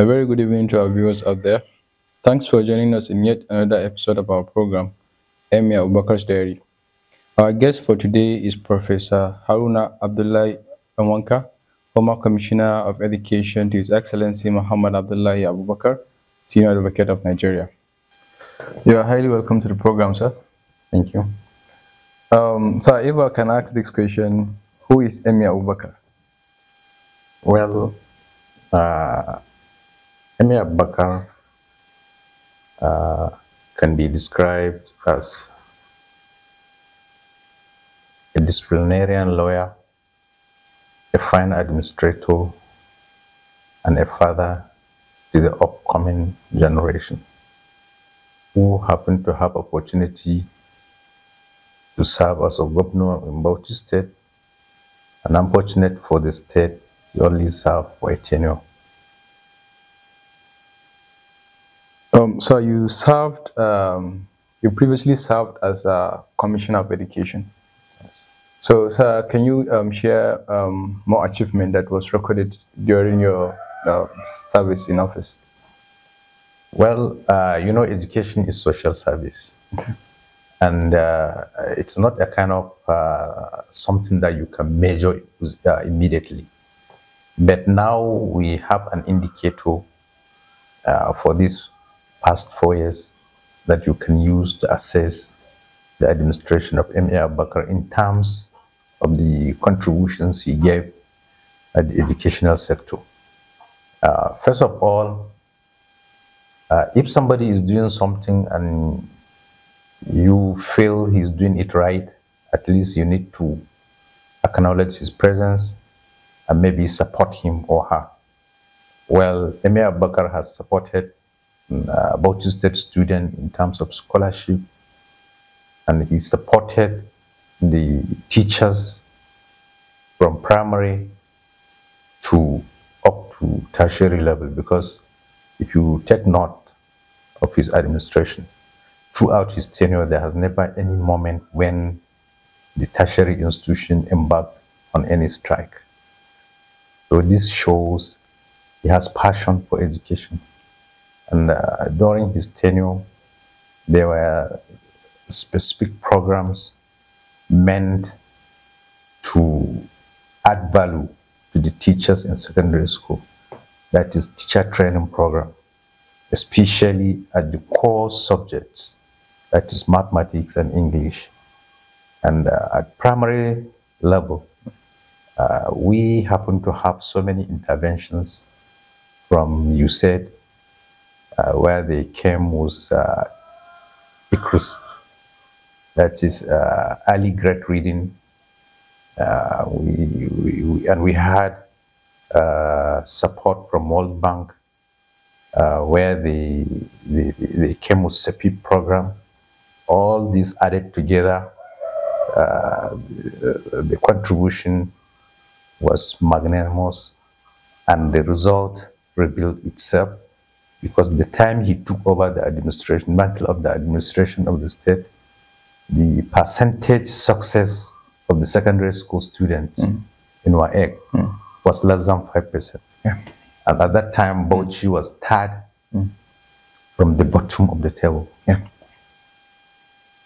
A very good evening to our viewers out there. Thanks for joining us in yet another episode of our program, Emir Ubakar's Diary. Our guest for today is Professor Haruna Abdullahi Anwanka, former Commissioner of Education to His Excellency Muhammad Abdullahi Abubakar, Senior Advocate of Nigeria. You are highly welcome to the program, sir. Thank you. Um, so, if I can ask this question, who is Emir Abubakar? Well, uh, Emir Abubakar uh, can be described as a disciplinarian lawyer, a fine administrator, and a father to the upcoming generation who happen to have opportunity to serve as a governor in Bauchi State, and unfortunate for the state, he only served for a tenure. Um, so you served, um, you previously served as a Commissioner of Education. So, sir, can you um, share um, more achievement that was recorded during your uh, service in office? Well, uh, you know, education is social service. And uh, it's not a kind of uh, something that you can measure uh, immediately. But now we have an indicator uh, for this past four years that you can use to assess the administration of Emir Abubakar in terms of the contributions he gave at the educational sector. Uh, first of all, uh, if somebody is doing something and you feel he's doing it right, at least you need to acknowledge his presence and maybe support him or her. Well, Emir Bakr has supported uh, Bauchi State student in terms of scholarship, and he supported the teachers from primary to up to tertiary level because if you take note of his administration, throughout his tenure, there has never any moment when the tertiary institution embarked on any strike. So this shows he has passion for education. And uh, during his tenure, there were specific programs meant to add value to the teachers in secondary school. That is teacher training program, especially at the core subjects, that is mathematics and English. And uh, at primary level, uh, we happen to have so many interventions from USAID uh, where they came was uh, that is uh, early grade reading. Uh, we, we, we, and we had uh, support from World Bank, uh, where the the they came with CEPI program. All these added together, uh, the, the contribution was magnanimous, and the result revealed itself because the time he took over the administration, mantle of the administration of the state, the percentage success of the secondary school students mm. in WAEG mm. was less than 5%. Yeah. And at that time, Bauchi was third mm. from the bottom of the table. Yeah.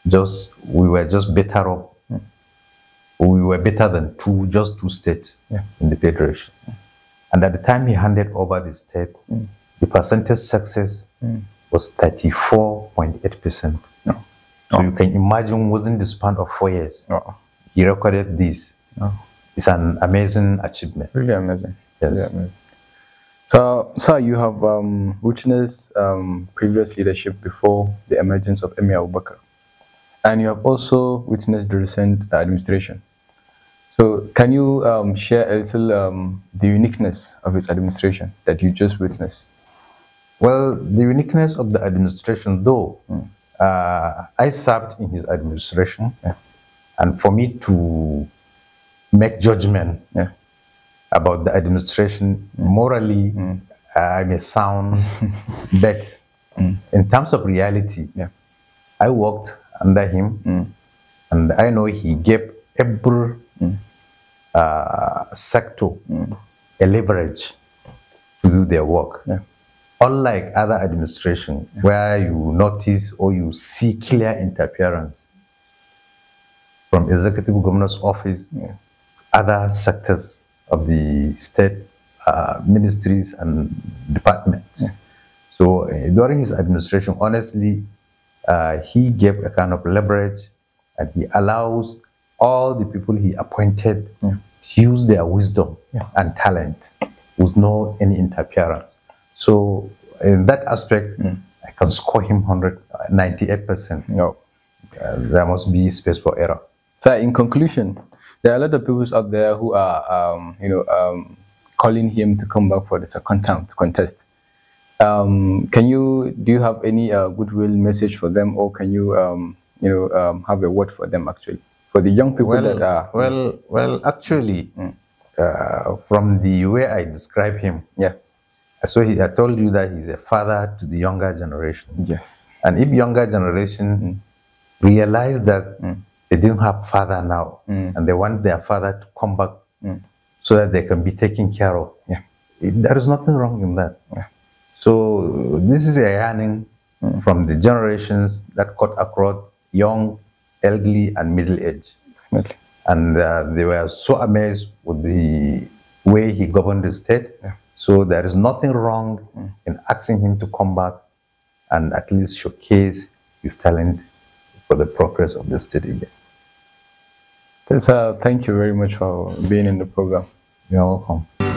Just, we were just better off. Hmm. We were better than two, just two states yeah. in the federation. And at the time he handed over the state, hmm the percentage success mm. was 34.8%. So you can imagine within the span of four years, he recorded this. It's an amazing achievement. Really amazing. Yes. Really amazing. So, sir, you have um, witnessed um, previous leadership before the emergence of Emir Abubakar, and you have also witnessed the recent administration. So, can you um, share a little um, the uniqueness of its administration that you just witnessed? Well, the uniqueness of the administration, though, mm. uh, I served in his administration, yeah. and for me to make judgment yeah. about the administration morally, mm. uh, I may sound, but mm. in terms of reality, yeah. I worked under him, and I know he gave every uh, sector a leverage to do their work unlike other administration where you notice or you see clear interference from executive governor's office, yeah. other sectors of the state uh, ministries and departments. Yeah. So uh, during his administration, honestly, uh, he gave a kind of leverage and he allows all the people he appointed yeah. to use their wisdom and talent with no any interference. So in that aspect, mm. I can score him 198 percent. No, uh, there must be space for error. So in conclusion, there are a lot of people out there who are, um, you know, um, calling him to come back for the second time to contest. Um, can you do you have any uh, goodwill message for them, or can you, um, you know, um, have a word for them actually for the young people well, that are? Hmm. Well, well, actually, mm. uh, from the way I describe him, yeah so he, I told you that he's a father to the younger generation. Yes. And if younger generation mm. realize that mm. they didn't have father now, mm. and they want their father to come back mm. so that they can be taken care of, yeah. It, there is nothing wrong in that. Yeah. So this is a yearning mm. from the generations that cut across young, elderly, and middle age. Okay. And uh, they were so amazed with the way he governed the state. Yeah so there is nothing wrong mm. in asking him to come back and at least showcase his talent for the progress of the state again. Yes, uh, thank you very much for being in the program. You're welcome.